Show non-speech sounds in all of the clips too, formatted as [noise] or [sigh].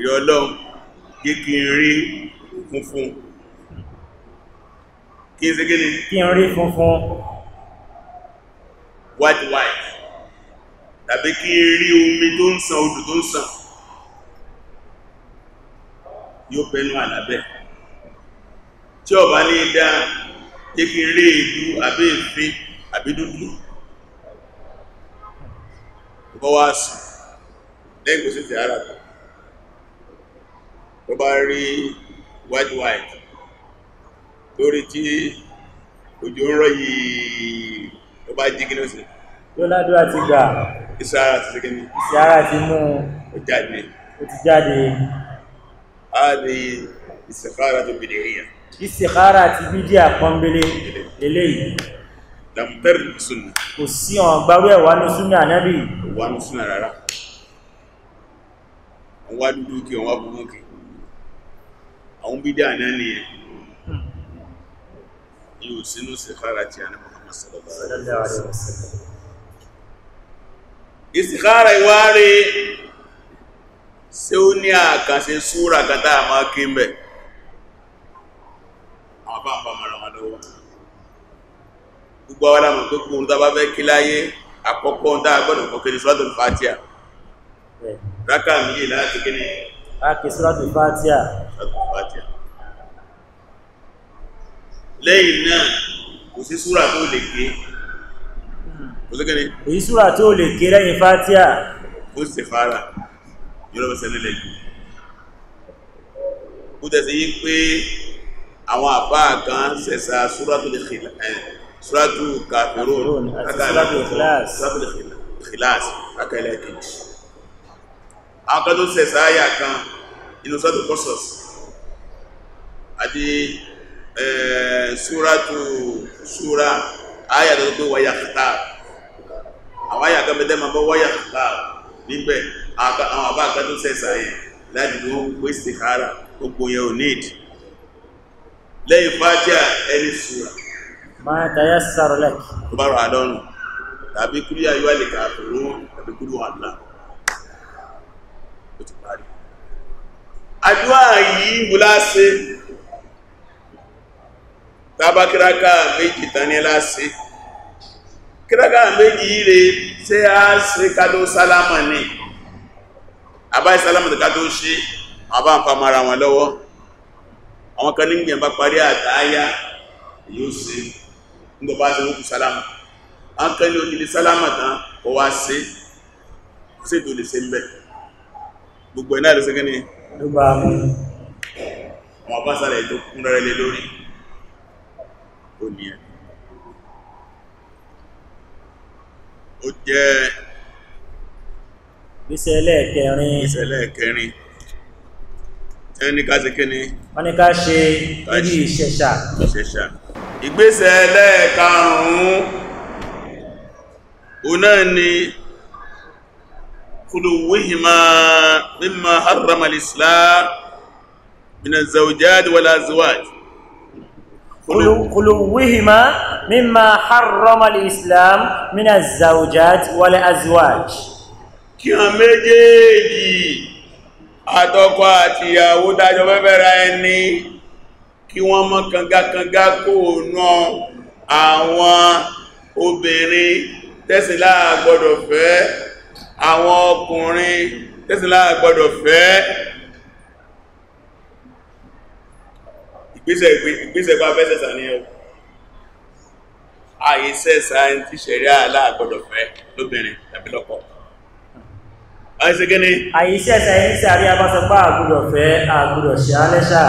ìrẹ́ ọlọ́run jẹ́ kí n rí funfun kí n ṣe kí kí n rí funfun white white tàbí kí n rí omi tó ń sàn odò tó ń sàn yóò pẹ̀lú àlàbẹ̀ tí ọba ní dá jẹ́ kí n rí èdú àbí èfin àbí dúdú bọ́wá sùn lẹ́yìn ti ara kan tó bá rí white white lórí tí òjò ń rọ̀ yìí tó bá jí gínú sí yóò ládúrà ti gbà ìsára ti sẹ́gẹ́ mi ìsára ti mú ó jáde ó ti jáde a lè ìsẹ̀kára tó bìdì ríyà ìsẹ̀kára ti bídí àpọ́nbélé eléyìí dàmtẹ́rì sunna kò sí ọ̀n gbárú ẹ̀wà ní sunna nábì wà rárá wọ́n wá dúdú kí wọ́n wá búrú kí àwọn bídá náà nìyẹn yóò sínú sí kára tí a ní Muhammad sallallahu alaihi wasallam ìsìkára ìwárí sí ó ní àkàṣe súra kàtà àmá kí mẹ́ àbámbà maramadọ́wà gbogbo àwọn àmà pé kún tàbá fẹ́ kí láyé àkọ́kọ́ dá gbọ́dọ̀ kọ́kẹ́ ní suratul Fatiha rákà mí láti kí lẹ́yìn náà kò sí súra tó lè ké kò sí kẹ́ni kò sí súra tó lè ké lẹ́yìn fatia kò sí fara yọ́rọ̀ bẹ̀sẹ̀ nílẹ̀ yìí kó tẹ̀sí yí pé àwọn àbá kan àwọn kan tó àti súrátù súrá àyà tó pé wáyà kàtà àwọn àyà kan bẹ́tẹ́ máa bọ́ wáyà kàtà níbẹ̀ àwọn àbá kan tó sẹ̀sà yẹn láti la wọ́n pè sí kára gbogbo yẹn ò níìdì lẹ́yìn fájà ẹni súrá. máa tayá sáró lẹ́kì. tó bá rọ àdọ́nù bàbá kíráká méjì tání láti kíráká méjì rẹ̀ tí a ṣe kádó sálámà ní àbáyé sálámà tí kádó ṣe àbá ń fa mara wọn lọ́wọ́ àwọn kan nígbìyàn bá parí àtàáyá yóò ṣe ńgbọ́bá ṣe ń kú sálámà àwọn kan ní onílé sálámà tán kọ wá ṣe ṣe tó lè ṣe ń gbogbo ẹ̀ náà lè ṣe kí ni ọmọ bá sálẹ̀ tó kún lé lórí ó nìyẹn ó jẹ́ gbèsè ẹlẹ́ẹ̀kẹrin gbèsè ẹlẹ́ẹ̀kẹrin ẹni ká ṣe kí ni wọ́n ni ká ṣe níbi ìṣẹ̀ṣà ìṣẹ̀ṣà ìgbésẹ̀ ẹlẹ́ẹ̀karùn-ún òun náà ni kùlùwíhìmá mímọ̀ harramal islam min az-zawjat wal خلوهما مما حرم الإسلام من الزوجات والأزواج kí a méjèèjì àtọkọ àti ìyàwó dájọ́ fẹ́fẹ́ra ẹni kí wọ́n mọ́ kangakanga kó ná àwọn obìnrin tẹ́sìnlá gbọ́dọ̀ fẹ́ àwọn ọkùnrin tẹ́sìnlá gbọ́dọ̀ fẹ́ ìgbésẹ̀ ìgbésẹ̀ bá fẹ́ sẹ̀sà ní ẹwọ ààyè sẹ̀sà tí ṣẹ̀rí aláàgbọ́dọ̀ fẹ́ lóbìnrin tàbí lọ́kọ ààyè sẹ́gẹ́ ni ààyè sẹ̀sà yìí sí àrí abásọpá àgbọ́dọ̀ fẹ́ àgbọ́dọ̀ ṣe alẹ́ṣà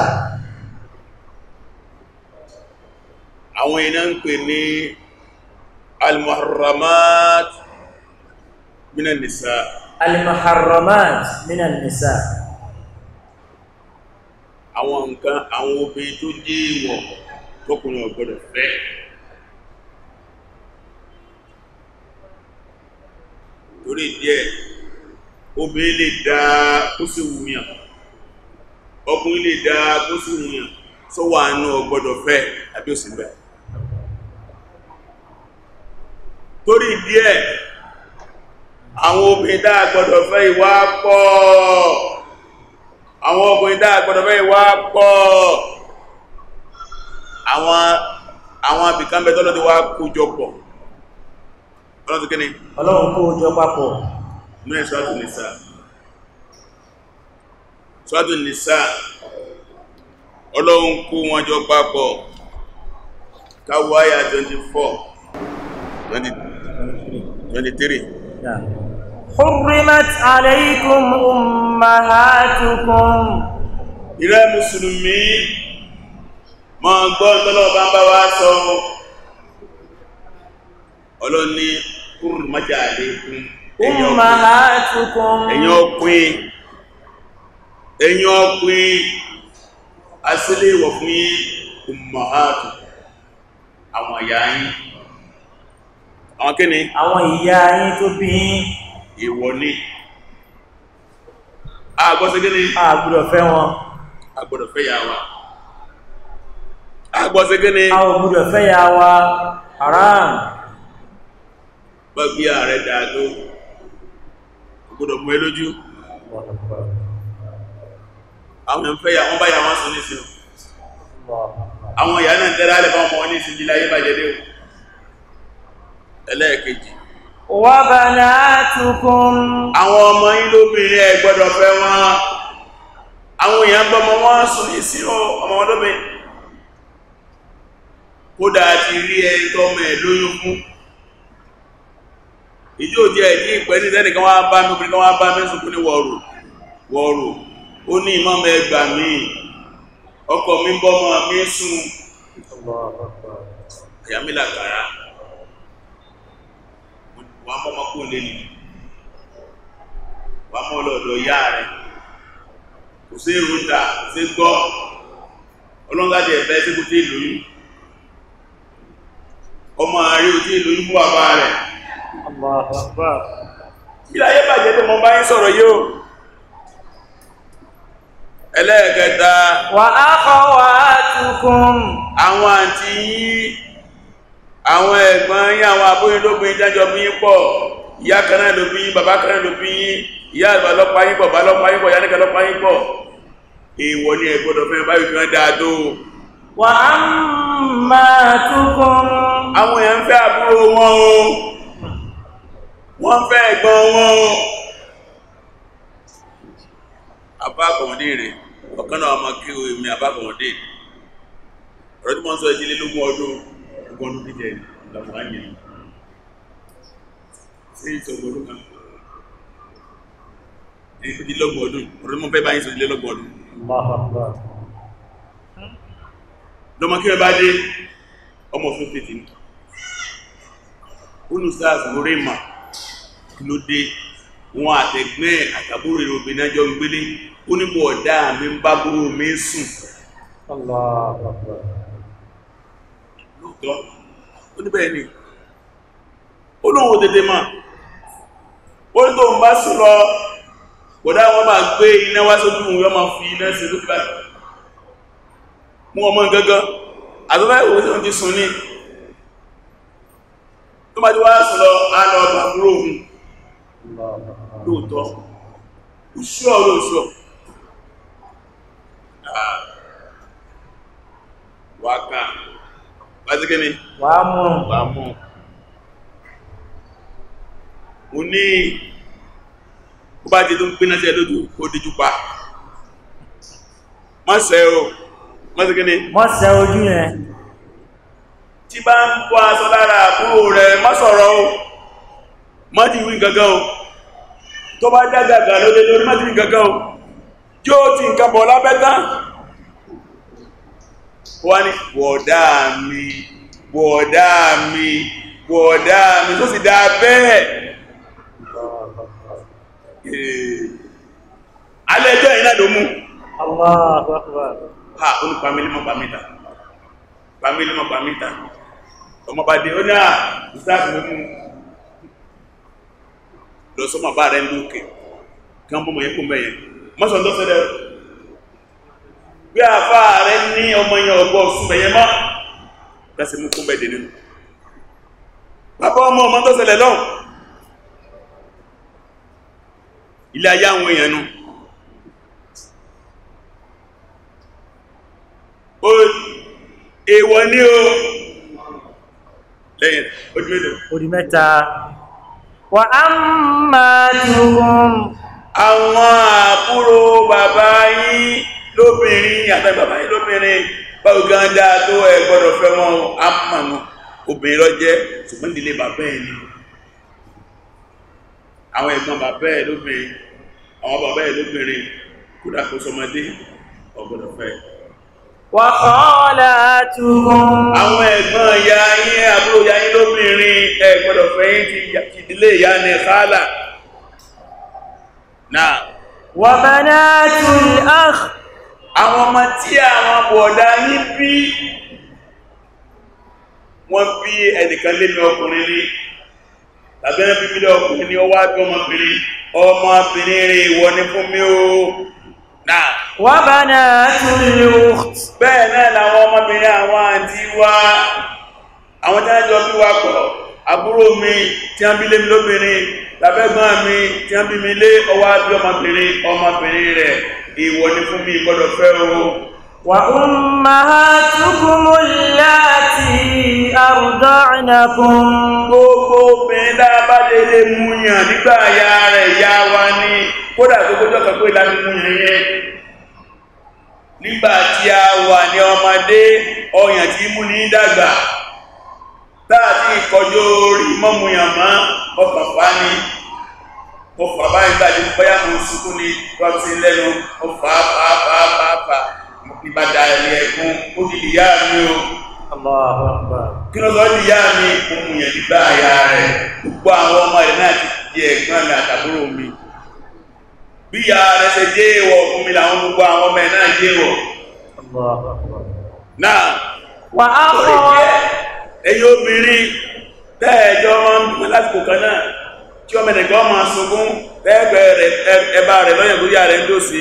àwọn iná ń pè ní al-muharramat minan nisa al-muharramat minan nisa àwọn nǹkan àwọn obìnrin tó dé ìwọ̀ tókùnrin ọ̀gbọ́dọ̀ fẹ́ torí díẹ̀ obìnrin lè dá kó sí wùyàn ọkùnrin lè dá kó sí wùyàn sọ wà ní ọ̀gbọ́dọ̀ fẹ́ àbí òsì bẹ̀ torí díẹ̀ àwọn obìnrin dá gbọ́dọ̀ fẹ́ ìwà pọ̀ àwọn ọkùnrin dáa gbọ́dọ̀ bẹ́ẹ̀ wá pọ̀ àwọn àwọn abìkan bẹ̀ tọ́lọ́ ti wá kójọ pọ̀ ọlọ́run tó kíni ọlọ́run kójọ papọ̀ ní ẹ̀ṣọ́tún nìsá ṣọ́tún nìsá ọlọ́run kó wọn jọ papọ̀ káwọ́ àyà 24 23 yeah. حرمت عليكم ummahatukum ìrẹ́ mùsùlùmí mọ́ gbọ́ tọ́lọ́bá ń bá wá sọ ọlọ́ni hurrimat alaykum ummahatukum ẹ̀yin ọkùnrin ẹ̀yin ọkùnrin asílẹ̀ ìwọ̀ fún yí ummahatukum àwọn ìyá yín àwọn kíni àwọn ìyá yín tó bí èwọ̀ ni agbọ́sẹ̀gẹ́ ni agbọ́dọ̀ fẹ́ wọn agbọ́dọ̀ fẹ́ ya wa agbọ́sẹ̀gẹ́ ni agbọ́dọ̀ fẹ́ ya wa haram gbọ́gbí ààrẹ dàádó agbọ́dọ̀ mú ẹ lójú àwọn ẹ̀fẹ́ ya wọ́n bá ya wọ́n sọ ní sí àwọn ìyá náà tẹ́rà lẹ́bàá ọmọ wọn ní ìsinmi láyé bàjẹ́ dé ẹlẹ́ẹ̀kejì wàbànátùkùn àwọn ọmọ yín lóbìnrin ẹ gbọ́dọ̀ fẹ́ wọn àwọn èèyàn sùn ní sí ọmọ wọn kódà ti rí ẹni tọ́mọ ẹ̀ lóyún fún ìjọ òjì ẹ̀jí ìpẹ́ ní tẹ́nìkan wá bá mi obìnrin kan wá bá mi sùkú ní wọ̀rù wọ̀rù ó ní ìmọ̀mọ̀ ẹgbà mi ọkọ mi bọ́mọ mi sùn ìyàmílà wàá mọ́ ọmọ kúrò lẹ́nu wàá mọ́ ọlọ́dọ̀ ìyá rẹ̀ kò sí èrò ta kò sí gbọ́ ọlọ́ngàdì ẹ̀fẹ́ sí kò tí ì lóyún ọmọ ààrẹ ò tí ì lóyún fún bàbá rẹ̀ ìlàyé bàjẹ́ tó mọ́ bá ń sọ̀rọ̀ yóò ẹlẹ́ẹ̀kẹta wà á kọ́ wà á tukùn àwọn àǹtí yìí àwọn ẹ̀gbọ́n yí àwọn abóyìn lóbin jájọ bí pọ̀ ìyá kanáà lóbin bàbá kanáà lóbin ìyá àgbà lọ́pàá yípọ̀ bá lọ́pàá yípọ̀ ìyá nìkan lọ́pàá yípọ̀ èèwọ̀ ni ẹ̀gbọ́dọ̀ fẹ́ báyìí kan dáadó wà á máa túnkún àwọn èèyàn fẹ́ àbúrò wọn o wọ́n fẹ́ ẹ̀gbọ́n wọn o abákọ̀mọdé rẹ̀ ọ̀kan náà ọmọ kí o èmi abákọ̀mọdé tí wọ́n sọ ìdílé lógún ọdún Ọgbọ́n bí jẹ ìgbàgbọ́ ayé ni. Ṣé ìtọ́gbọ́ kan? Èyí fi di lọ́gbọ̀ ọdún, ọ̀rọ̀ mọ́ fẹ́ bá yín sọ ilé lọ́gbọ̀ ọdún. Lọ́mọ kí wọ́n bá dé ọmọ fún tètè ní. Olùsáàsì lórí ìmọ̀ kí ló dé wọn àtẹ̀gbẹ́ àtàbúrò ìrò obìnrin ajọ́ ń gbélé ó ní mi ń bá búrò mi sùn lóòótọ́ ó ní bẹ́ẹ̀ ni ó lóun dédé mọ̀ ó ní tóun bá sùn lọ kódà wọ́n máa gbé iná wá sójú òun yọ́ máa fi iná sí lókè báyìí mú ọmọ gángan àtọ́lá ìwò tí wọ́n ti sùn ní tó máa ti wá sùn lọ àlọ́ ọ̀bà kúrò òun lóòótọ́ òṣùọ̀ lóòótọ́ sí kíni wàá mú wàá mú o ní kó bá ti tó ń pín náà sí ẹlòdò kó díjú pa má ṣe o má ṣe kíni má ṣe ojú yẹn tí bá ń kó aṣọ lára àbúrò rẹ̀ má sọ̀rọ̀ o má ti wí gangan o tó bá dágàgà lóde lórí má ti wí gangan o yóò ti nǹkan bọ̀ lábẹ́tán wọ́n ni wọ̀dá mi bọ̀ọ̀dá mi bọ̀ọ̀dá mi tó sì dá bẹ́ẹ̀ eh, alẹ́jọ́ ìrìnà ló mú ha olú pàmílímọ̀ pàmítà pàmílímọ̀ pàmítà ọmọbàdé ó náà ìsáàfì ló mú lọ sọ́mọ̀ bá rẹ̀ ń lókè kí wọ́n mọ́ yẹ́kùn mẹ́yẹn mọ́sàn tó fẹ́rẹ̀ bí àfáà rẹ̀ ní ọmọ yẹn ọgbọ́ ọ̀sùn mẹ́yẹn máa lẹ́sẹ̀ mú kún bẹ́ẹ̀dẹ̀ nínú bàbá ọmọ ọmọ tó ṣẹlẹ̀ lọ́hùn ilé ayé àwọn èèyàn nu ó èèwọ̀ ní o lẹ́yìn ojú mélòó orí mẹ́ta wà á máa dùn àwọn àbúrò bàbá yín lóbìnrin àtàgbàbá yín lóbìnrin báwo gan dáa tó ẹ gbọ́dọ̀ fẹ́ wọn á mọ̀ wọn obìnrin lọ jẹ́ ṣùgbọ́n ìdílé bàbá ẹ̀ ni àwọn ẹ̀gbọ́n bàbá ẹ̀ lóbìnrin àwọn bàbá ẹ̀ lóbìnrin kódà kó sọmọdé ọgbọ́dọ̀ fẹ́ wà kọ́ọ̀lá túnmù àwọn ẹ̀gbọ́n ya yín àbúrò ya yín lóbìnrin ẹ gbọ́dọ̀ fẹ́ yín ti ìdílé ìyá ní kálà náà wà bá náà àwọn ọmọ tí àwọn bọ̀ọ̀dá yín bí wọ́n bí ẹnìkan lé ní ọkùnrin ní tàbí ẹni bíbí ọkùnrin ní ọwá bí ọmọbìnrin ọmọbìnrin rí ìwọ ní fún mi ó náà wọ́n bá náà tún lè bẹ́ẹ̀ náà làwọn ọmọbìnrin àwọn àti wá àwọn jájọ bí wá pọ̀ àbúrò mi tí a ń bí lé mi lóbìnrin tàbẹ́gbọ́n mi tí a ń bí mi lé ọwá bí ọmọbìnrin ọmọbìnrin rẹ̀ ìwọ ni fún mi gbọ́dọ̀ fẹ́ o. wà á má túkúmù láti àrùdọ́ ìnàkùn. gbogbo obìnrin tá a bá délé mú nígbà ya rẹ̀ ya wa ni kódà gbogbo jọ́ ìlànà mú yàn nígbà tí a wà ní ọmọdé ọyàn tí mú ní dàgbà tá a ti orí mọ́mú yàn ọkàn pa ni o fà bá ìgbà ní bóyá mo sunkún ní rọ́tí lẹ́nu ó o á fà á fà á fà á fà ìbàdà ẹ̀rẹ̀ ẹ̀kún ó di ìyá mi o kí ló lọ́ di ìyá mi mo mú yẹn nígbà àyà rẹ̀ gbogbo àwọn ọmọ rẹ̀ náà ti di ẹ̀gbọ́n mi àtàbúrò mi bí ìyá rẹ̀ ṣe dé ìwọ̀ fún mi làwọn gbogbo àwọn ọmọ ẹ̀ náà dé ìwọ̀ náà wà á kọ́ ẹ̀yìn obìnrin tẹ́ẹ̀jọ́ ọmọ lásìkò kan náà tí ọmọ ẹ̀nẹ̀kọ́ máa sunkún ẹgbẹ́ rẹ̀ ẹba rẹ̀ lọ́yẹ̀ lórí ààrẹ ń dòsí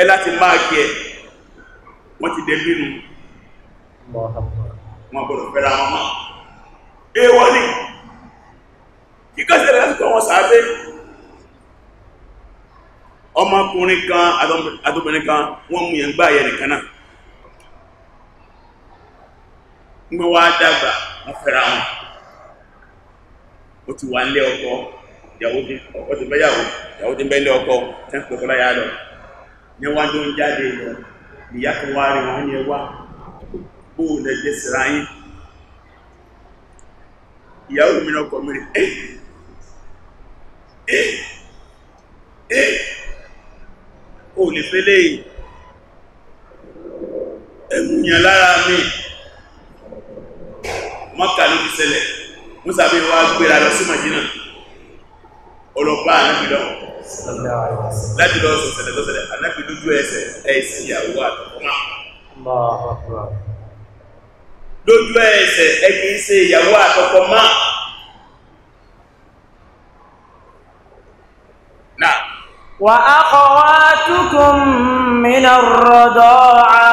ẹ láti máa kí ẹ wọ́n ti dẹ̀ bínú wọn gbọ́dọ̀ fẹ́ra wọn mọ́ ewọ́ ni kíkọ́ sí ẹ̀rẹ́ lásìkò wọn sàábé ọmọkùnrin kan adọ́bìnrin kan wọ́n mú yẹn gbá ayẹ nìkan náà gbọ́n wá dàgbà wọ́n fẹ́ra wọn ó ti wà nílé ọkọ ìyàwó ti ọkọ ti bẹ́yàwó ìyàwó ti bẹ́lẹ̀ ọkọ tẹ́ǹpẹ̀ kọ́lá yà lọ ní wá ló ń jáde lọ ìyá kan wá rí wọn ní ẹwà bó o lẹ jẹ yín ìyàwó mi náà kọ mi rí ẹ ẹ ẹ o lè fẹ́ léyìí lára mi mọ́kà ló fi ṣẹlẹ̀ mọ́sàbí wa gbéra lọ sí màjínà ọlọ́pàá anábìlọ́ láti lọ sọ sẹlẹ̀ lọ́sẹ̀lẹ̀ anábìlójú ẹsẹ̀ ẹ̀sì ìyàwó àtọ̀kọ́mà lójú ẹsẹ̀ ẹ kì í ṣe ìyàwó àtọ̀kọ́mà náà wà á kọ̀ wá túkùn mìíràn rọ̀dọ̀ á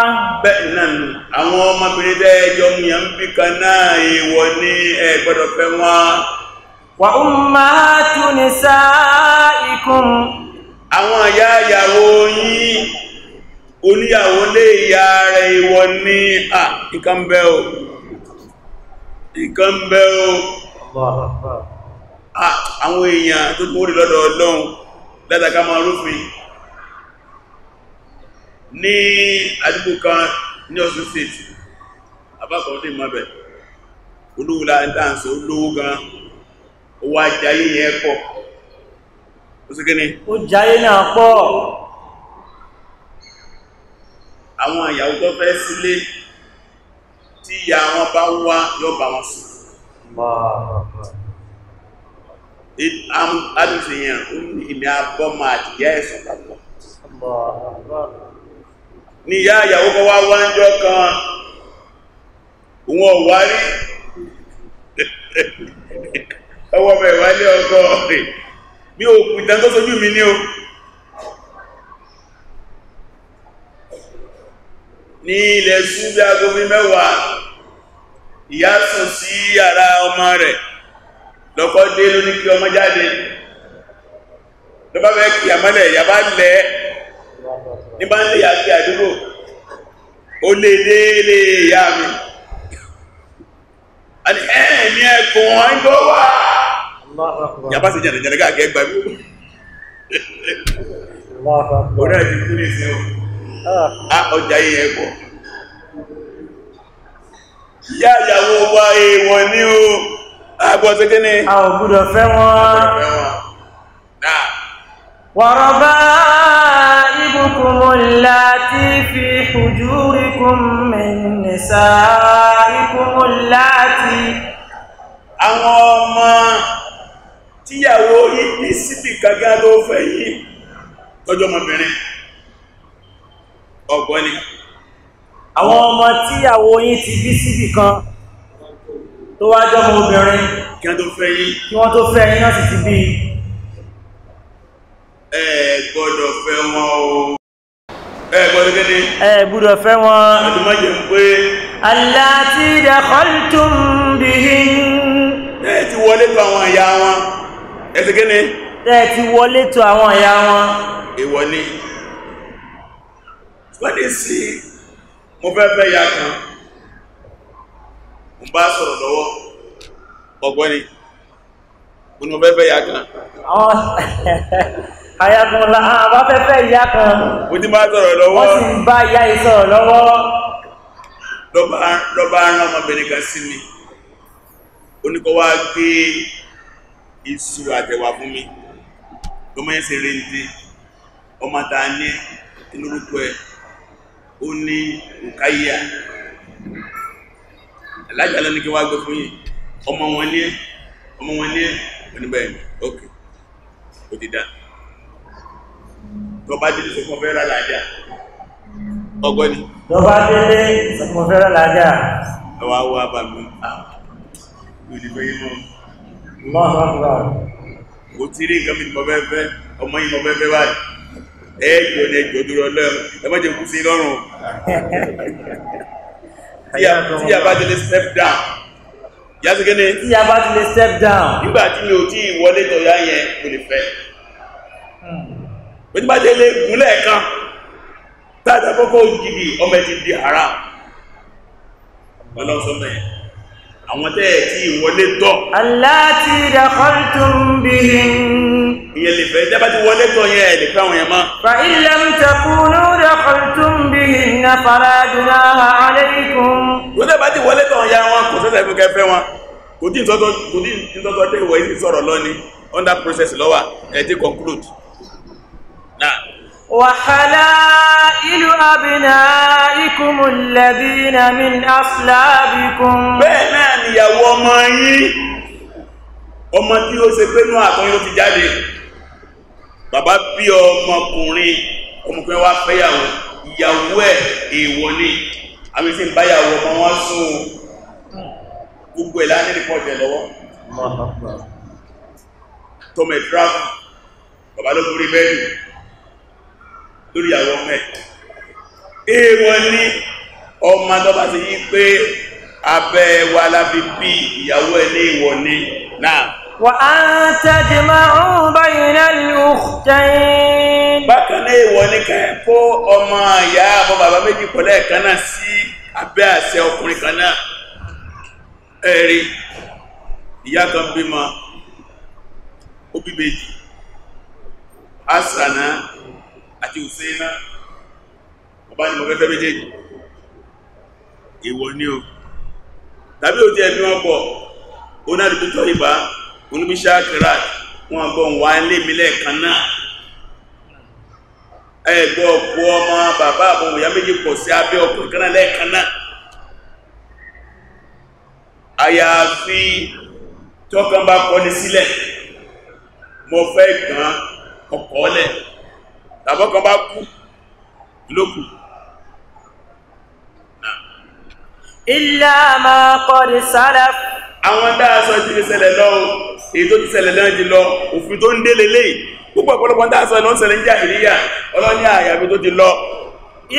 bẹ́ẹ̀ náà nù àwọn ọmọbìnrin tẹ́ ẹjọ́ mìíràn bí kan náà ìwọ ní ẹ wọn wàhùnmáàtú ní sáàikùn àwọn àyà ìyàwó yín oníyàwó lè ya rẹ̀ ìwọ ní à nǹkan bẹ́ o nǹkan bẹ́ o àwọn èèyàn tó kúrò lọ́dọ̀ ọlọ́run látàkà máa rúfin ní àdúgbò kan ní Ọ̀ṣun state abákọ̀ọ́dé mọ́bẹ̀ olówó láìdáǹsì olówó gan ó wá jayé yẹn pọ̀ ó sì kíni ó jayé náà pọ̀ àwọn ìyàwó tó fẹ́ sílé tí ìyá wọn bá wá yóò bá wọn sùn adùsìyàn ìmì ní ìyá ìyàwó kọ́ wá wá kan òun ọ̀wárí [laughs] ọwọ́ ọmọ ìwálé ọkọ̀ rẹ̀ mi ò kù ìtàn tó sojú mi ní o ní ilẹ̀ súnbí agomi mẹ́wàá ìyá sùn sí yàrá ọmọ rẹ̀ lọ́kọ́ dé lóní kí ọmọ jáde ló bá bẹ́ẹ̀ kí àmọ́lẹ̀ ìyá bá lẹ̀ ní bá ń lè yà kí àdúgbò ó lè dé lè yà mí ẹni ẹ̀ẹ́ ní ẹkùn ọ̀hún tó wà á yàbá sí jẹ̀nẹ̀jẹ̀nẹ̀ káàkiri ẹgbà mí orí àti kúrò sí o ah. a ọjà yìí ẹ pọ̀ yá ìyàwó wa èèwọ̀ ní o àgbọ̀ sí kíni a ò gbúdọ̀ fẹ́ wọn wàrọ̀bá ibùkún láti fi hujúríkún mẹ́nìsá ikún láti àwọn ọmọ tíyàwó yìí ní síbì kagá ló fẹ́ yìí tọ́jọ́ ọmọbìnrin ọgbọ́n ni àwọn ọmọ tíyàwó yìí ti bí síbì kan tó wá jọmọ obìnrin kí wọ́n tó fẹ́ yìí kí wọ́n tó fẹ́ yìí náà sì ti bí ẹ gbọ́dọ̀ fẹ́ wọn o ẹ fẹ́ wọn àdúmọ̀jẹ̀ ń wọn ẹsẹ̀ kí ni tẹ́ ti wọlé tó àwọn ìyá wọn ìwọlé wọ́dé sí mo fẹ́ fẹ́ ya kan mo bá sọ̀rọ̀ lọ́wọ́ ọgbọ́ni mo ní mo fẹ́ fẹ́ ya kan àyàkùn [laughs] la bá fẹ́ fẹ́ ìyá kan mo ti bá sọ̀rọ̀ lọ́wọ́ wọ́n sì bá ìyá yìí sọ̀rọ̀ lọ́wọ́ lọ́bàá rán ọmọbìnrin kan sí mi oníkọwàá gbé iṣu àtẹ̀wà fún mi ọmọ yẹn ṣe rende ọmọ ta ní lórúkọ ẹ ó ní òkáyà alájà lẹ́nu kí wá gbé fún yìí ọmọ wọn ní ọmọ wọn ní oníbẹ̀ ẹ̀mí ok ó ti dá tọba délé sọ fún ọfẹ́ rà láàjà ọgbọ́n ni tọba délé sọ fún ọfẹ́ rà láàjà ẹwà wà bàbá mi ah kò tí rí nǹkan mìí mọ̀fẹ́fẹ́ ọmọ yìí mọ̀fẹ́fẹ́ báyìí ẹjọ́ ni ẹjọ́ dúró lẹ́rùn ẹmọ́jẹ̀ kú sí lọ́rùn [laughs] tí a bá ti lè step down yàtọ̀ gẹ́ni tí a bá ti lè step down nígbà tí mi ò tí ìwọlé tọ̀yá yẹn kò lè fẹ́ pẹ̀lú hmm. bá délé gúnlẹ̀ kan tàbí àkọ́kọ́ òjìdì ọmọ ẹ̀ ti di haram ọlọ́sọ́mọ̀ yẹn àwọn tẹ́ ẹ̀ tí ìwọlé tọ́. aláti dakhaltum bihim. ìyẹn lè fẹ́ dábàá ti wọlé tọ́ yẹn lè àwọn yẹn mọ́. fa illam takunu dakhaltum bihim na fara junaha alaykum. tó dábàá ti wọlé tọ́ ya wọn kò sẹ́sẹ̀ fún kẹfẹ́ wọn kò tí ìtọ́tọ́ tẹ́ ìwọ̀ yìí sọ̀rọ̀ lọ́ni under process lọ́wà ẹ̀ ti conclude. náà. وحلائل أبنائكم الذين من أصلابكم bẹ́ẹ̀ náà níyàwó ọmọ yín ọmọ tí ó ṣe pé náà àtọ́yìn ló ti jáde bàbá bí ọmọkùnrin ọmọkùnrin wá fẹ́yàwó ìyàwó ẹ̀ èèwọ̀ ni àmì sí báyàwó ọmọ wọn sún gbogbo ẹ̀ láàrín ìpọ̀jẹ̀ lọ́wọ́ tọmẹ̀ tráfù bàbá ló kúrí lórí àwọn ọmọ ẹ̀ èèwọ̀ ní ọmọ tọ́bá ti yí pé abẹ́ wa lábí bí ìyàwó ẹ̀ ní ìwọ̀ ní náà wà á tẹ́jì máa ń báyìí lẹ́lú jẹ́yìn bákan ní ìwọ̀ ní kẹ́ẹ̀kọ́ ọmọ ìyá àbọ̀ bàbá méjì pọ̀lẹ́ kan náà sí abẹ́ àṣẹ ọkùnrin kan náà ẹ̀rí ìyá kan bímọ ó bí méjì asana àti Hùsẹ́ínà ọba ni mo fẹ́ fẹ́ méjèèjì èèwọ̀ ni o tàbí òtí ẹ̀mí ọkọ̀ onádìbútọ̀ ìbá olúmíṣà kìrà wọn gbọ́ wà ń lé mi lẹ́ẹ̀kan náà ẹgbẹ́ ọkọ̀ ọmọ bàbá àwọn òyà méjì pọ̀ sí abẹ́ ọkọ̀ ìkànnà lẹ́ẹ̀kan náà àyàfi tọ́kàn kọ́ni sílẹ̀ mo fẹ́ gbọ́n ọkọ̀ ọlẹ̀ tàbọ́kan bá kú lókù illa ma qad salaf àwọn dáàsọ ti lè ṣẹlẹ̀ lọ èyí tó ti ṣẹlẹ̀ náà ti lọ òfin tó ń dé lélẹ̀ púpọ̀ pọ̀lọpọ̀ dáàsọ náà ṣẹlẹ̀ ń jàhìlíyà ọlọ́ní àyàfi tó ti lọ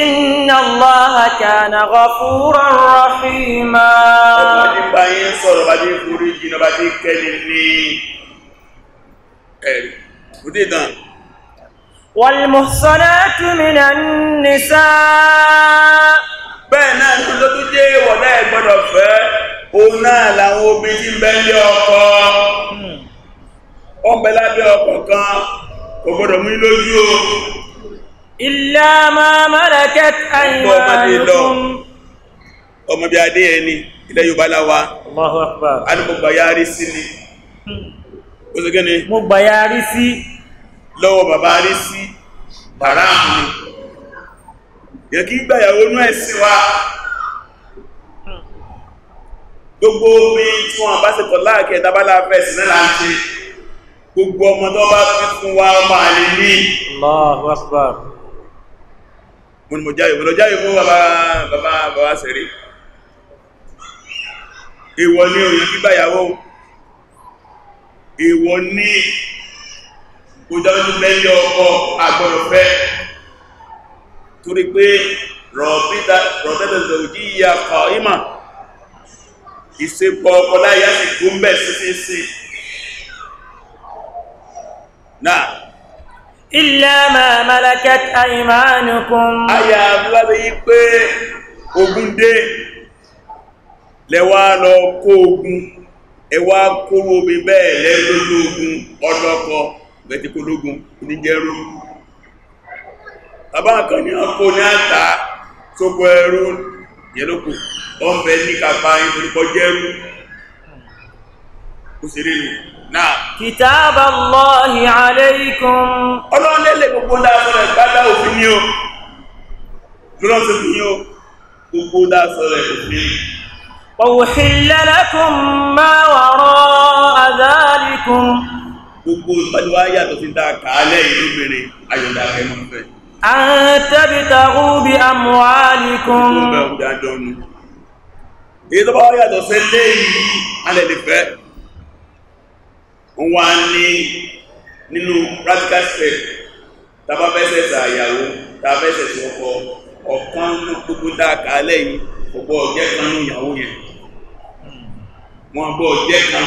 inna allaha kana ghafuran rahima ọba ti bá yín sọ̀rọ̀ bá ti forí bá wàlmùsọ̀nàtù mìíràn nìsá. bẹ́ẹ̀ náà ló tó dé ìwọ̀dá ẹ̀ gbọ́dọ̀ fẹ́ òun náà làwọn obìnrin ti bẹ́ẹ̀ lé ọkọ ọbẹ̀ lábẹ́ ọkọ kan kò gbọ́dọ̀ mú lójú o. ilá máa malakat aymanukum. ọmọ bíi adé ẹni ilẹ̀ Yorùbá láwa alùpùpù gbàyàrí sí ni. Hmm. mo gbàyàrí sí lọ́wọ́ bàbá rí sí bàráàmù ni yẹ kí gbàyàwó ní ẹ̀sìn wa gbogbo omi tí wọ́n bá ṣe tọ̀lá àkẹ́ dábálà fẹ́sì náà láti gbogbo ọmọ tó bá fi fún wa ọmọ àlè ní Allahu Akbar mo ni mo jáyé òyìn gbígbàyàwó èwọ̀ ni òjòjú lẹ́yìn ọkọ agbọ̀rọ̀fẹ́ torí pé rọ̀bẹ́tẹ̀tẹ̀ òjí ìyà kọ̀ ìmọ̀ ìsepọ̀ ọkọ láyé àti gúnbẹ̀ sísísí náà illa ma malakat aymanukum ayà abúlábẹ̀ yí pé ogun dé lẹ́wà lọ kó ogun ẹwà kó omi bẹ́ẹ̀ lẹ́lọ́lọ́gun ọlọ́kọ̀ọ́ bẹ̀tíkólógún ní jẹ́rú bàbá kan ní ọkọ̀ ní àtà sókò ẹrú yẹlókù ọmọbẹ̀ ní kàpá ìforíkọ jẹ́rú kò sí rí náà kìtàbà lọ́hì aléìkún ọlọ́lẹ́lẹ̀ gbogbo dáadọ́rẹ̀ gbádá òfin ni ó lọ́sọ̀fin ni ó gbogbo dáadọ́rẹ̀ òfin وأحل لكم ما وراء ذلكم gbogbo ìtọ́jú wá yàtọ̀ sí dáa kàálẹ̀ ìlúbìnrin ayọ̀dá ẹmọ fẹ́. a tẹ́bìtà rúbi amúhálìkún. ọgbẹ́ ọgbẹ́ àjọ́nu. èyí tó bá wá yàtọ̀ sí léyìí alẹ́lẹ́fẹ́ wà ní nínú practical step tàbá fẹ́sẹ̀ sàyàwó tàbá fẹ́sẹ̀ sí ọkọ ọ̀kan ní gbogbo dáa kàálẹ̀ yìí gbogbo ọ̀jẹ́ kan ní ìyàwó yẹn wọ́n gbọ́ ọ̀jẹ́ kan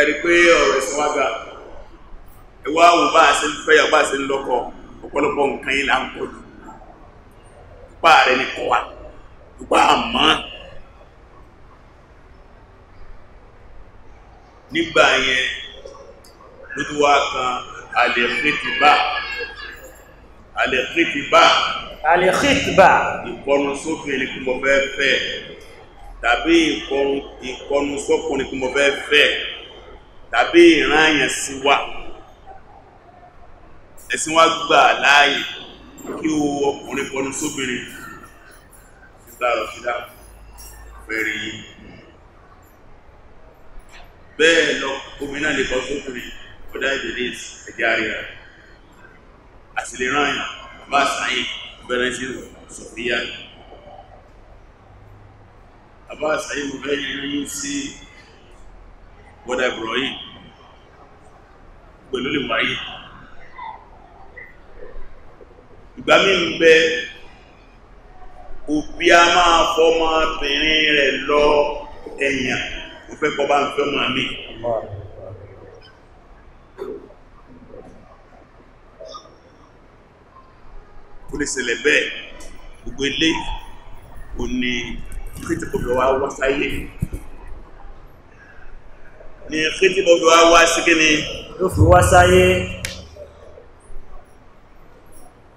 ẹ̀rí pé ọ̀rọ̀ ẹ̀sìn wá gbà ẹwà wò bá ṣe ń fẹ́yà bá ṣe ń lọ́kọ ọ̀pọ̀lọpọ̀ nǹkan yìí là ń kọ́ lù pípa rẹ̀ ní kọ́ wa pípa àmọ́ nígbà yẹn lójú wa kan àlẹ́fẹ́tìbá àlẹ́fẹ́tìbá àlẹ́fẹ́tìbá ìkọnu sókè ní kí mo fẹ́ fẹ́ tàbí ìkọnu sọ́kùnrin kí mo fẹ́ fẹ́ tàbí ìran àyàn sí wa ẹ̀sìn wa gbà láàyè kí o ọkùnrin kọnu sóbìnrin títà ọ̀fídà fẹ̀rẹ̀ yìí bẹ́ẹ̀ lọ omi náà lè kọ sóbìnrin ọ̀dá ìbẹ̀lẹ̀ ẹ̀jẹ̀ àríyá àti lè rán àyàn bá sáyìn bẹ̀rẹ̀ sí sọ̀fíyà àbá sáyìn mo fẹ́ yẹn yín sí bọ́dà Ibrahim pẹ̀lú lè wáyé ìgbà mí ń bẹ òbí a máa fọmọ obìnrin rẹ̀ lọ ẹ̀yàn mo fẹ́ kọ́ bá ń fẹ́ ọmọ mi ó lè ṣẹlẹ̀ bẹ́ẹ̀ gbogbo eléyìí ò ní kí tẹ́kọ̀ọ́ wa wá sáyé ni kéjì mọ́ fi wá wá sí kí ni ló fi wá sáyé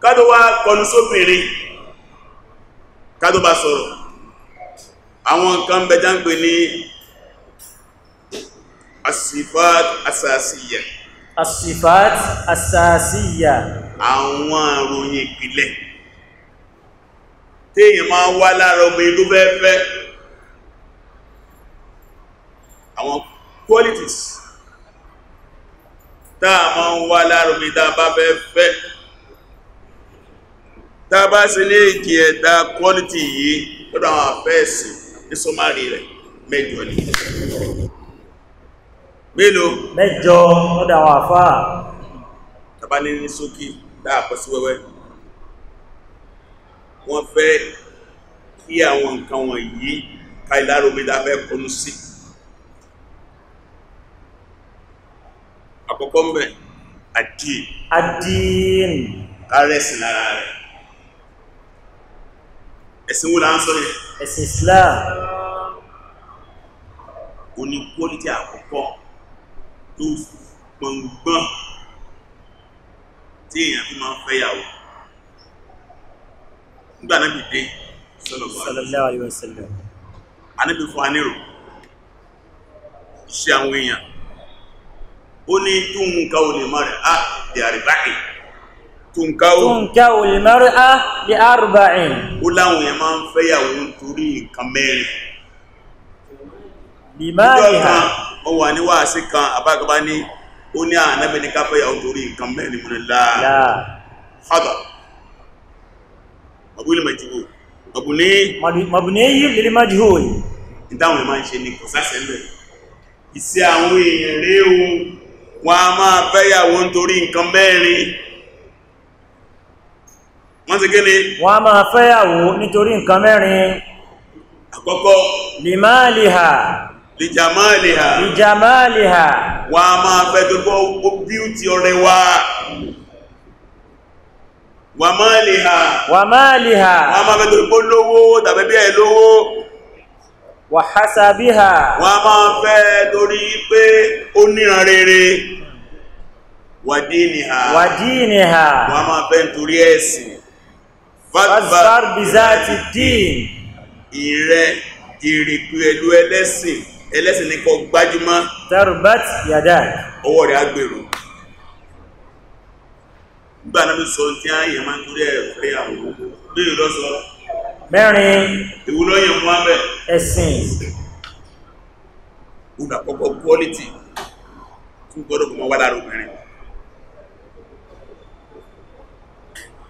kádó wá kọlu sóbìnrin kádó bá sọ̀rọ̀ àwọn nǹkan bẹjá ń pè ní asifat asasiya asifat asasiya àwọn àròyìn ìpìlẹ̀ téèyàn máa wá lára ọmọ ìlú fẹ́fẹ́ àwọn qualities táà máa ń wá lárùmí tá bá fẹ́ fẹ́ tá bá sí lè jẹ ẹ̀dá quality yìí lọ́dọ̀ àwọn àfẹ́ẹ̀sì ní sọmárì rẹ̀ mẹ́jọ ni mélòó mẹ́jọ lọ́dọ̀ àwọn àfáà tàbá ní ní sókè dáàpọ̀ sí wẹ́wẹ́ wọ́n fẹ́ kí àwọn nǹkan wọ̀nyí ká ìlàròmí dáfẹ́ kọlu sí àkọ́kọ́ ń bẹ̀ àdín àdín kárẹ́sì lára rẹ̀ ẹ̀sìn wo la ń sọ yẹn ẹ̀sìn Islam ó ní kólítì àkọ́kọ́ tó gbọ̀ngbọ̀n tí èèyàn fi máa ń fẹ́ yàwó nígbà náà dìde sallallahu alaihi wasallam anábì ó ní túnká olè mọ́rẹ̀ á di àrìbáì túnká olè mọ́rẹ̀ á di àrìbáì ó láwọn yẹn máa ń fẹ́yàwó nítorí nǹkan mẹ́rin ìjọba ó wà ní wáàsí kan àbágaba ní ó ní ànábì ní ká fẹ́yàwó nítorí nǹkan mẹ́rin múni láà hada mabuli majhul mabuni mabuni lil majhul ìdáhùn ẹ̀ máa ń ṣe ní kò sásẹ̀ mẹ́rin ìsẹ́ àwọn èèyàn rèé o wọ́n a máa fẹ́yàwó nítorí nǹkan mẹ́rin wọ́n ti gẹ́lẹ̀ wọ́n a máa fẹ́yàwó nítorí nǹkan mẹ́rin àkọ́kọ́ lìmáàlìhà lìjàmáàlìhà lìjàmáàlìhà wọ́n a máa fẹ́ tó gbọ́ ó bíútì ọrẹwà wàmáàlìhà wàmáàlìhà wọ́n a máa fẹ́ tó gbọ́ lówó tàbí bí ẹ̀ lówó wàhásábíhà wọ́n a máa fẹ́ torí pé ó níran rere wàdíniha wàdíniha wọ́n máa bẹ́ nítorí ẹ̀sìn fàgbàr bizati dín ìrẹ ìrìnkú ẹlú ẹlẹ́sìn ẹlẹ́sìn ní kọ gbájúmọ́ tarubat yada ọwọ́ rẹ̀ agbèrò nígbà náà sọ tí a yẹ máa torí ẹ̀fẹ́ àwọn lórí lọ́sọ mẹ́rin ìwúlọ́yẹ̀ muhammed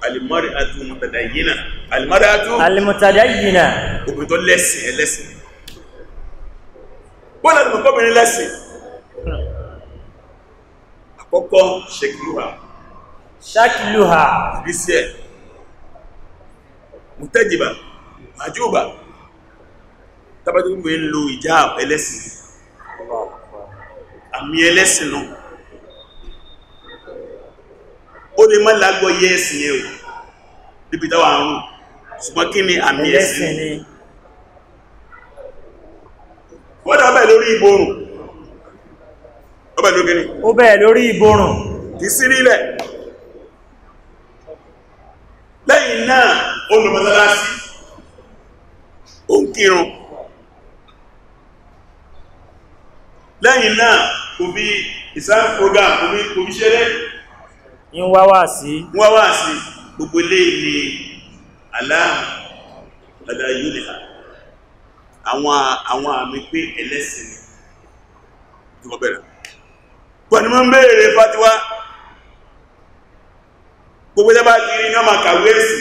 alimariatu mutadayina alimariatu alimutadayina obìnrin tó lẹ́sìn ẹlẹ́sìn bọ́ọ̀lù àti mọ̀kọ́bìnrin lẹ́sìn àkọ́kọ́ ṣekiluha ṣekiluha ìbísí ẹ̀ mutajiba majuba tàbátí gbogbo ń lo ìjáàb ẹlẹ́sìn àmì ẹlẹ́sìn náà ó lè má lágbọ́ yẹ ẹ̀sìn yẹn o níbi táwọn àrùn ṣùgbọ́n kí ni àmì ẹ̀sìn ni wọ́n dá bẹ́ẹ̀ lórí ìborùn ó bẹ́ẹ̀ lórí ó bẹ́ẹ̀ lórí ìborùn kì sí nílẹ̀ lẹ́yìn náà olùmọ̀lọ́lásí ó ń kírun lẹ́yìn náà kò bí ìsáàkì program kò bí ṣeré ń wá wá sí wá wá sí gbogbo ilé ni aláàmàdà yúnihà àwọn àwọn àmì pé ẹlẹ́sìn ni wọ́n bẹ̀rẹ̀ pẹ̀lú mọ́ bèèrè fatiwa gbogbo tẹ́bá ti rí náà máa kàwé èsì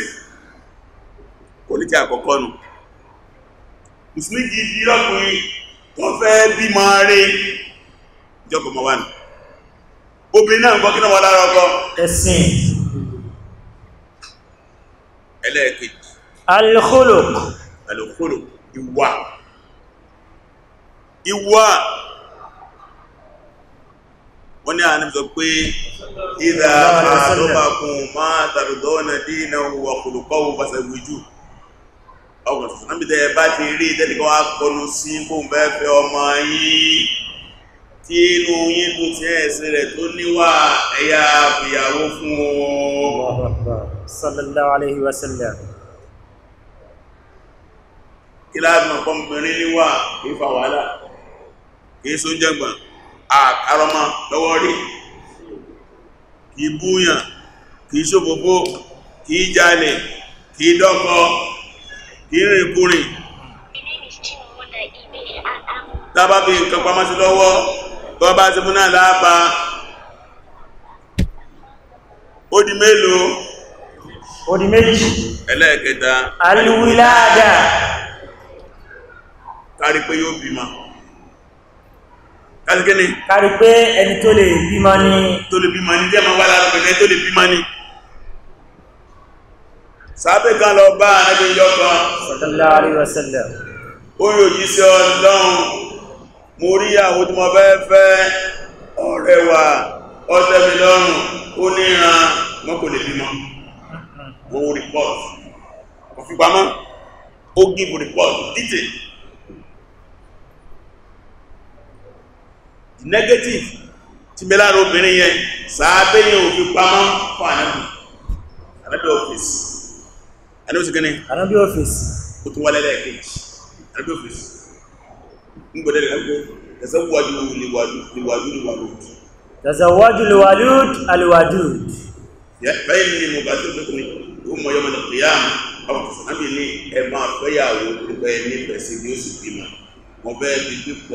kò ní tí àkọ́kọ́ nù mùsùlùmí kìí bí bí máa rí ìjọba ọmọ wa nù obìnrin náà nǹkan kí náà wọ́n lára ọkọ ẹ̀sìn ẹlẹ́ẹ̀kejì al-khuluq al-khuluq ìwà ìwà wọ́n ní àánú sọ pé ìdá àlọ́bàkùn máa tàbídọ́nà dínà wà kòlùkọ́wò pàṣẹwìjú ọgbọ̀n sọ̀tún náà bí tẹ́ bá ti rí tẹ́lẹ̀kọ́ akọlù sí kóhùn bẹ́ẹ̀ fẹ́ ọmọ yìí tí inú yín dùn tí ẹ̀sìn rẹ̀ tó níwà ẹ̀yà ìyàwó fún wọn sallallahu alaihi wasallam kíláàbì ọ̀pọ̀ mẹ́rin níwà kìí fa wàhálà kìí só jẹ́gbà àkàrọmọ lọ́wọ́ rí kìí rìnkúrìn tábàbí nǹkan pamọ́ lọ́wọ́ tó bá ti mú náà láàpá ó di mélòó ó di méjì ẹlẹ́ẹ̀kẹta alúwíláàdà kárí pé yóò bímọ kárí pé ní kárí pé ẹni tó lè bímọ ní tó lè bímọ ní jẹ́ ma wá tó lè bímọ ní sábẹ́ kan lọ bá ẹgbẹ́ yọ́kan sallallahu alaihi wasallam ó yóò yí sí ọlọ́run mo rí àwọn tí mo fẹ́ fẹ́ ọ̀rẹ́ wa ọ̀tẹ́ mi lọ́rùn ó ní ìran wọn kò lè bímọ mo report kò fi pamọ́ ó give report detail negative ti bẹ lára obìnrin yẹn sàábé yẹn ò fi pamọ́ fún ànábì ànábì ọ́fíìsì ànábì ọ́fíìsì ó tún wọlé lẹ́ẹ̀kejì ọ́fíìsì ngbọdẹ rẹ kó tazawwaju liwalud. tazawwaju liwalud aliwalud. bẹ́ẹ̀ ni mo bá tó dókòwé ó mọ yọmọ ní kìyàmù ọkọ̀ sàmì ní ẹ máa fẹ́yàwó nípa ẹ nífẹ̀ẹ́ sí ní oṣù bímọ wọn bẹ́ẹ̀ bí pípọ̀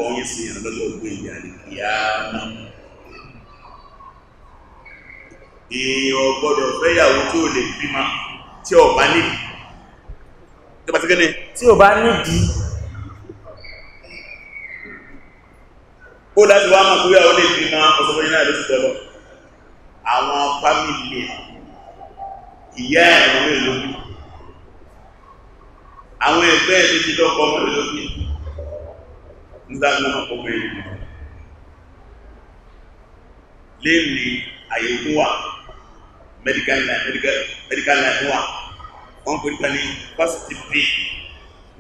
bá nídìí. kó láti wá mọ̀ pé àwọn olèbí máa ń pọ̀sọ̀fọ́ yìí náà ló ti tẹ́lọ̀ àwọn fámìlì ìyá ẹ̀rọ mélòó bí àwọn ẹgbẹ́ ẹ̀mí ti lọ́kọ̀ mélòó bí nígbà náà ọkọ̀ èyí lẹ́ẹ̀ni àyẹ̀kú wà medical line medical line wà wọ́n pè ní fásitì bíi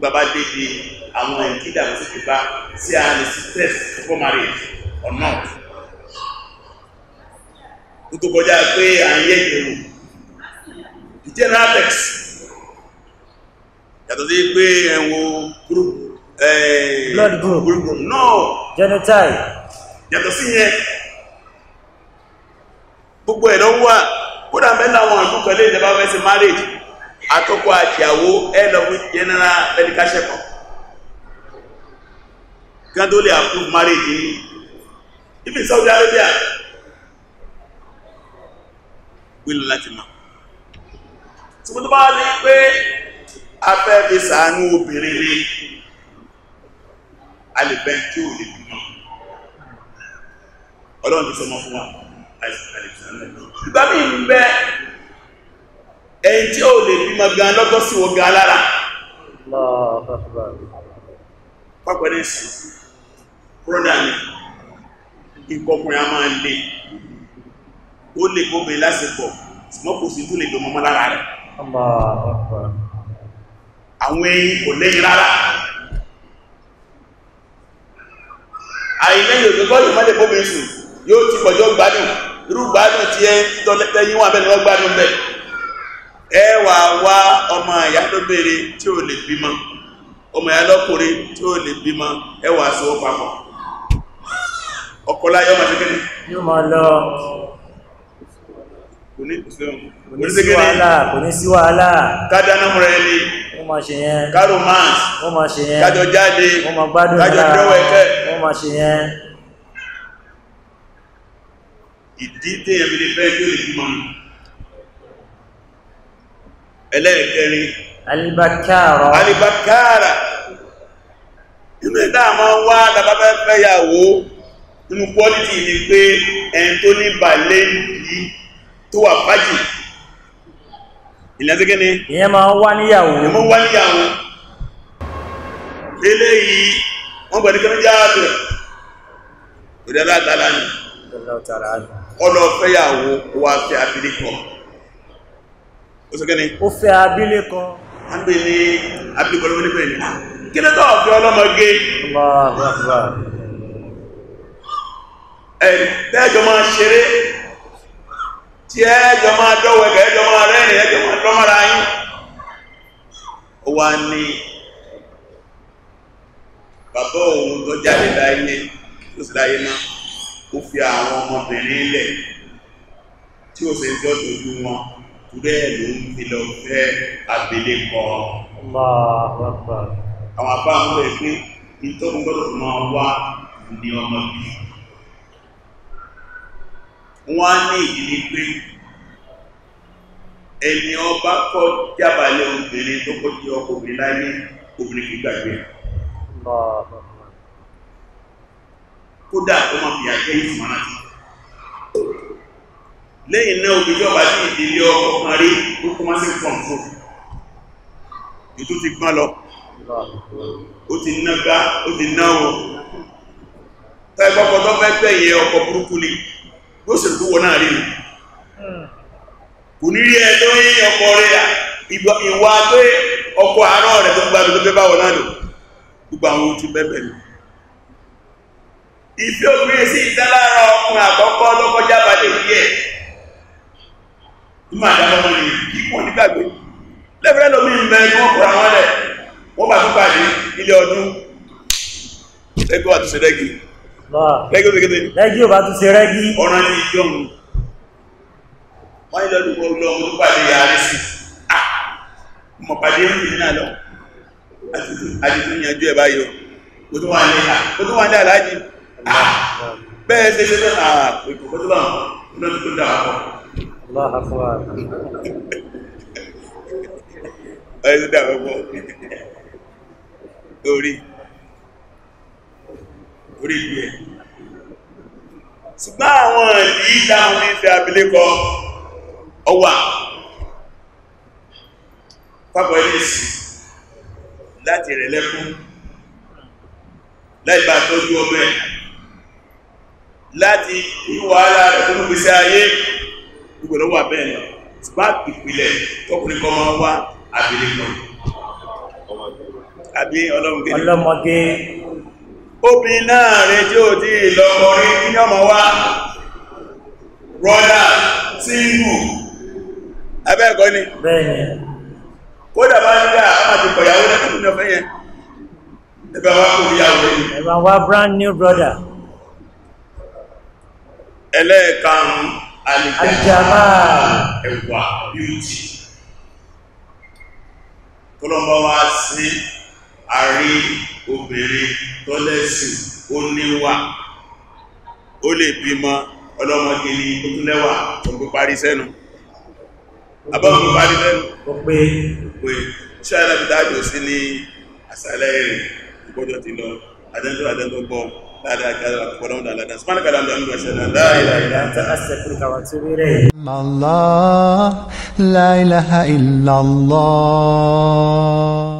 bàbá débi àwọn ìkídà tó ti bá sí a lè sí test for marriage or not ó tó kọjá pé à ń yẹ ìgbèrò ìjẹ́ latex yàtọ̀ sí pé ẹ̀wọ̀n group blood group group group no genotype yàtọ̀ sí yẹn gbogbo ẹ̀rọ wà kódà mẹ́lá àwọn ìlú kan lè jẹba fẹ́ sí marriage atọ́kọ àtìyàwó ẹ lọ fún general medical check-up kan tó lè approve marriage yìí ibi Saudi Arabia wílò láti mọ̀ ṣùgbọ́n tó bá ní pé afẹ́ fi sàánú obìnrin rí alìbẹ̀ tí o lè bímọ ọlọ́run ti sọmọ fún wa alìbẹ̀ ìgbà míì ń bẹ́ẹ̀ ẹni tí ó lè bímọ gan lọ́tọ́ sí wo gan lára pápẹ́lẹ́ sí brọ́dà ni ìkọkùnrin a máa lè ó lè gómìn lásìkò ṣùgbọ́n kò sí tó lè dọmọmọ lára rẹ̀ àwọn ẹyin kò lẹ́yìn rárá àìlẹ́yìn òkèkọ́ yìí má lè gómìn sùn yóò ti pọ̀jọ́ gbádùn irú gbádùn tí ẹ tọ́lẹ́tẹ́yìn wà bẹ́ẹ̀ ni wọ́n gbádùn bẹ́ẹ̀ ẹwà wá ọmọ ìyá tí ó lè bímọ ọmọ ìyá tí ó lè bímọ ẹ wà papọ̀ ọkọlá yọ́ máa lọ kò ní sí wàhálà kò ní sí wọ́n máa ṣe yẹn wọ́n máa ṣe yẹn kájọ jáde wọ́n máa gbádùn ìdí ẹlẹ́ẹ̀kẹrin alibakara alibakara nínú ìdá àmọ́ wá dábábẹ́ fẹ́yàwó nínú quality ni pé ẹni tó ní bàlẹ́ yìí tó wà fájì ìlẹ́sẹ́gẹ́ ni ìyẹn máa wá níyàwó ìyẹn máa wá níyàwó eléyìí wọ́n gbẹ̀dí kẹ́rù jáàbẹ̀ ìrẹ́lá tààrà ni ọlọ́fẹ́yàwó wà fẹ́ àbílẹ̀ kan ó sọ kẹ́ni ó fẹ́ abílékọ abílé abílékọ ló nípa ẹ̀lẹ́ kí ló tọ́ ọ̀fẹ́ ọlọ́mọge ẹ̀ẹ́jọ máa ṣeré tí ẹ̀ẹ́jọ máa dọ́wọ̀ ẹ̀gẹ̀ ẹ̀ẹ́jọ máa rẹ́rìn ẹ̀ẹ́jọ máa lọ́mọ́ra yín ó wá ní bàbá òun tó jáde láyé tó sì láyé náà ó fi àwọn ọmọbìnrin lẹ̀ tí ó sì ń torí ẹ̀ ló ń fi lọ fẹ́ abẹ́lé kọ́ àwọn àbá ń bẹ̀ pé ìtọ́kù gbọ́dọ̀ tó máa wá ní ọmọ bí wọ́n á ní ìdílé pé ẹni ọba kọ́ jábàlẹ̀ obìnrin tó kọ́ di ọkùnrin láyé obìnrin kì í gbàgbé kódà tó máa fìyà jẹ́ ìsìnmọ́nà tuntun lẹ́yìn náà òbíjọ́ bá ní ìdílé ọkọ̀ kan rí tó kó má sí kọ̀ǹtò ètò ti gbọ́n lọ ó ti nága ó ti náwó tẹ́gbọ́kọ̀ tó fẹ́ gbẹ̀yẹ ọkọ̀ burúkú ni ló sì tó wọ náà rí ni kò ní rí ẹ tó yí ọkọ̀ rẹ̀ ìwà pé ọkọ̀ àárọ̀ rẹ̀ tó gbàdùn tó fẹ́ bá wọ náà lò gbogbo àwọn ohun ti bẹ́bẹ̀ lọ ìfẹ́ òpin sí ìdálára ọkùnrin àkọ́kọ́ lọ́kọjá balẹ̀ díẹ̀ ìmọ̀ àdámọ́ wọn ni kíkò nígbàgbé lẹ́fẹ̀rẹ́ lómi ń bẹ wọ́n kọ́ àwọn ẹ̀ wọ́n bá tún pàdé ilé ọdún lẹ́gbẹ́ wà tún ṣe rẹ́gí lẹ́gbẹ́ wà tún ṣe rẹ́gí ọ̀ràn ní ìjọ òun wọ́n ilẹ̀ ọdún gbogbo ọmọ tó pàdé ya rẹ̀ sí mọ̀ pàdé ń rìn náà lọ àti tún yanjú ẹ̀ báyìí o tó wà ní aláàjì bẹ́ẹ̀ ṣe ṣe bẹ́ẹ̀ àpò ìkòkò tó bá wọn lọ́dún tó dáa الله أكبر ẹni dàgbà gbọ́ lórí orí ìlú ẹ̀ ṣùgbọ́n àwọn ìlú dáhùn ìfẹ́ abilékọ ọwà pápọ̀ ilé ìsìn láti rẹ̀ lẹ́kún láì bá tọ́jú ọmọ ẹ̀ láti ìwà ara rẹ̀ tó ń gbèsè ayé gbogbo lọ́wọ́ abẹ́ẹ̀nà bá ìpìlẹ̀ tọkùnrin kan máa wá àbílẹ̀ kan àbí ọlọ́mọdé obìnrin náà rẹ̀ tí ó ti lọ́mọ rí ní ọmọ wá rọ́dà sínú abẹ́ẹ̀kọ́ ni kódà bá ń dá àmàtí pọ̀yàwó lẹ́kùnrin náà fẹ́yẹn ẹgbẹ́ wá kò brand new brother ẹlẹ́ẹ̀kan alìjàmáà ẹ̀wà beauty kọlọ́mbà wá sí àrí obìnrin tọ́lẹ́sìn ó níwà ó lè bímọ ọlọ́mọdé ní òtúnlẹ́wà tó gbé parí sẹ́nu abọ́gbé parí sẹ́nu ó pé pé ṣe alábìdájò sí ní àsàlẹ̀ rẹ̀ ìgbọ́jọ́ ti lọ adẹ́ntọ́ adẹ́ntọ́ gbọ́n لا اله الا الله لا اله الا الله